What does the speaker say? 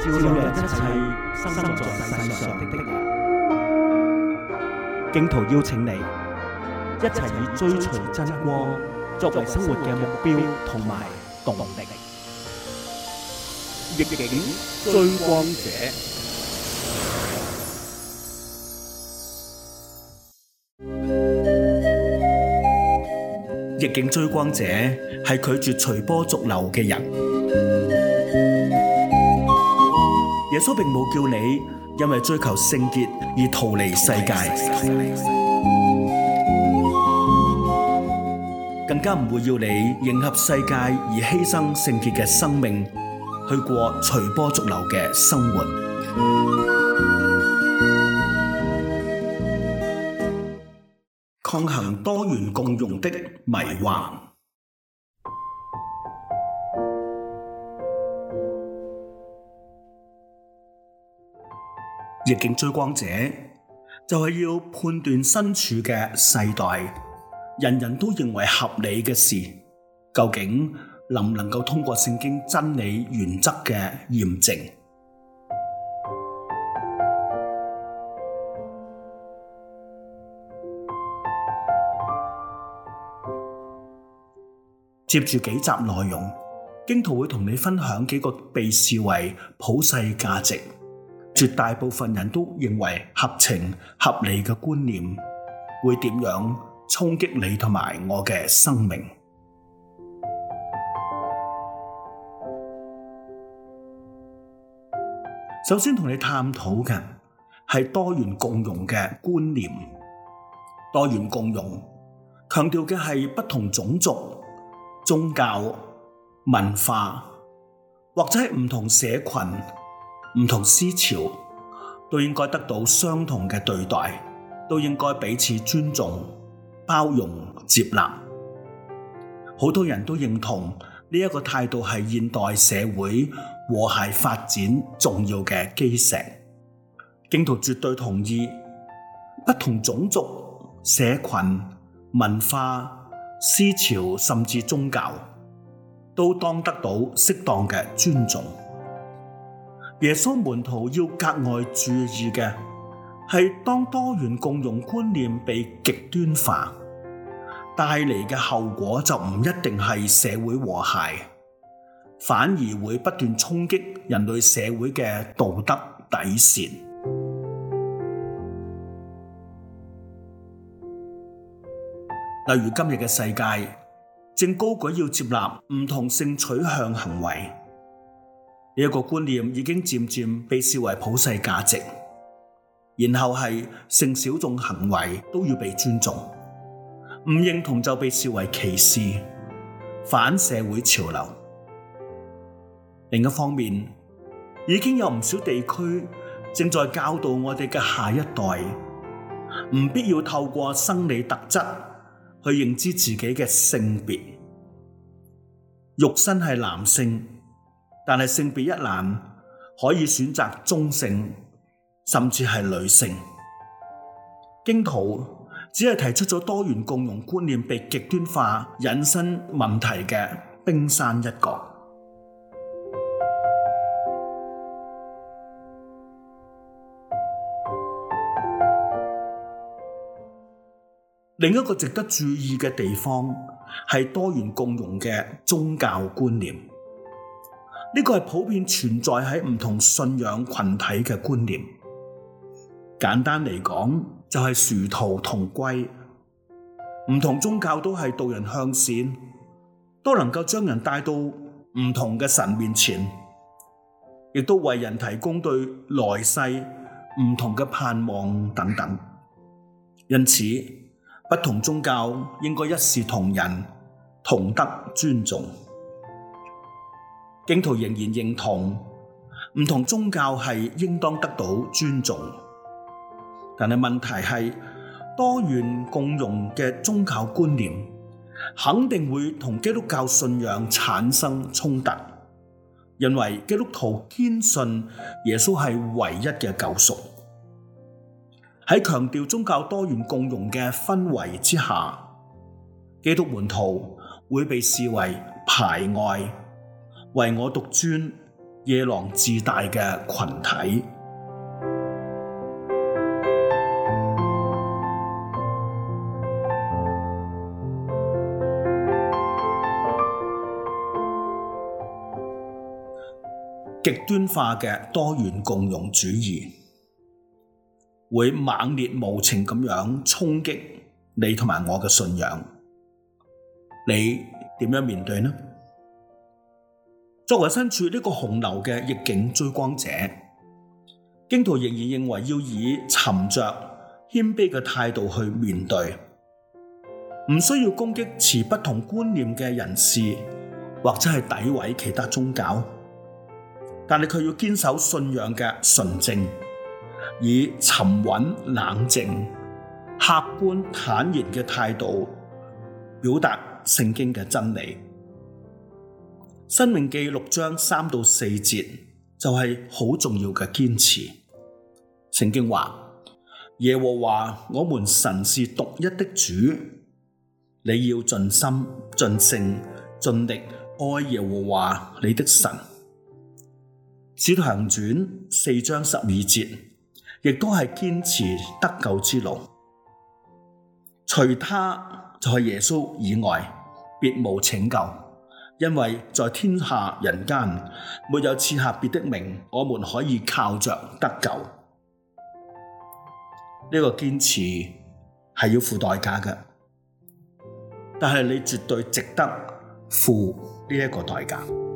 照亮一切生在世上的人，荊徒邀請你一齊以追隨真光作為生活嘅目標同埋動力。逆境追光者，逆境追光者係拒絕隨波逐流嘅人。耶穌並冇叫你因為追求聖潔而逃離世界，更加唔會要你迎合世界而犧牲聖潔嘅生命，去過隨波逐流嘅生活，抗衡多元共融的迷惑。逆境追光者，就係要判斷身處嘅世代，人人都認為合理嘅事，究竟能唔能夠通過聖經真理原則嘅驗證？接住幾集內容，荊徒會同你分享幾個被視為普世價值。絕大部分人都認為合情合理嘅觀念會點樣衝擊你同埋我嘅生命？首先同你探討嘅係多元共融嘅觀念。多元共融強調嘅係不同種族、宗教、文化，或者係唔同社群。唔同思潮都應該得到相同嘅對待，都應該彼此尊重、包容接納。好多人都認同呢一個態度係現代社會和諧發展重要嘅基石。荊徒絕對同意，不同種族、社群、文化、思潮甚至宗教，都當得到適當嘅尊重。耶穌門徒要格外注意嘅係，當多元共融觀念被極端化，帶嚟嘅後果就唔一定係社會和諧，反而會不斷衝擊人類社會嘅道德底線。例如今日嘅世界正高舉要接納唔同性取向行為。一、這個觀念已經漸漸被視為普世價值，然後係性小眾行為都要被尊重，唔認同就被視為歧視、反社會潮流。另一方面，已經有唔少地區正在教導我哋嘅下一代，唔必要透過生理特質去認知自己嘅性別，肉身係男性。但係性別一欄可以選擇中性，甚至係女性。荊徒只係提出咗多元共融觀念被極端化引申問題嘅冰山一角。另一個值得注意嘅地方係多元共融嘅宗教觀念。呢、這個係普遍存在喺唔同信仰群體嘅觀念。簡單嚟講，就係殊途同歸，唔同宗教都係導人向善，都能夠將人帶到唔同嘅神面前，亦都為人提供對來世唔同嘅盼望等等。因此，不同宗教應該一視同仁，同得尊重。荊徒仍然認同唔同宗教係應當得到尊重，但係問題係多元共融嘅宗教觀念肯定會同基督教信仰產生衝突，因為基督徒堅信耶穌係唯一嘅救贖。喺強調宗教多元共融嘅氛圍之下，基督門徒會被視為排外。為我獨尊、夜郎自大嘅群體，極端化嘅多元共融主義，會猛烈無情咁樣衝擊你同埋我嘅信仰，你點樣面對呢？作為身處呢個洪流嘅逆境追光者，荊徒仍然認為要以沉着、謙卑嘅態度去面對，唔需要攻擊持不同觀念嘅人士，或者係詆毀其他宗教。但係佢要堅守信仰嘅純正，以沉穩、冷靜、客觀、坦然嘅態度表達聖經嘅真理。生命記六章三到四節就係、是、好重要嘅堅持。聖經話，耶和華我們神是獨一的主，你要盡心、盡性、盡力愛耶和華你的神。使徒行傳四章十二節亦都係堅持得救之路。除他就係耶穌以外，別無拯救。因為在天下人間，沒有賜下別的名，我們可以靠着得救。呢、這個堅持是要付代價嘅，但是你絕對值得付呢一個代價。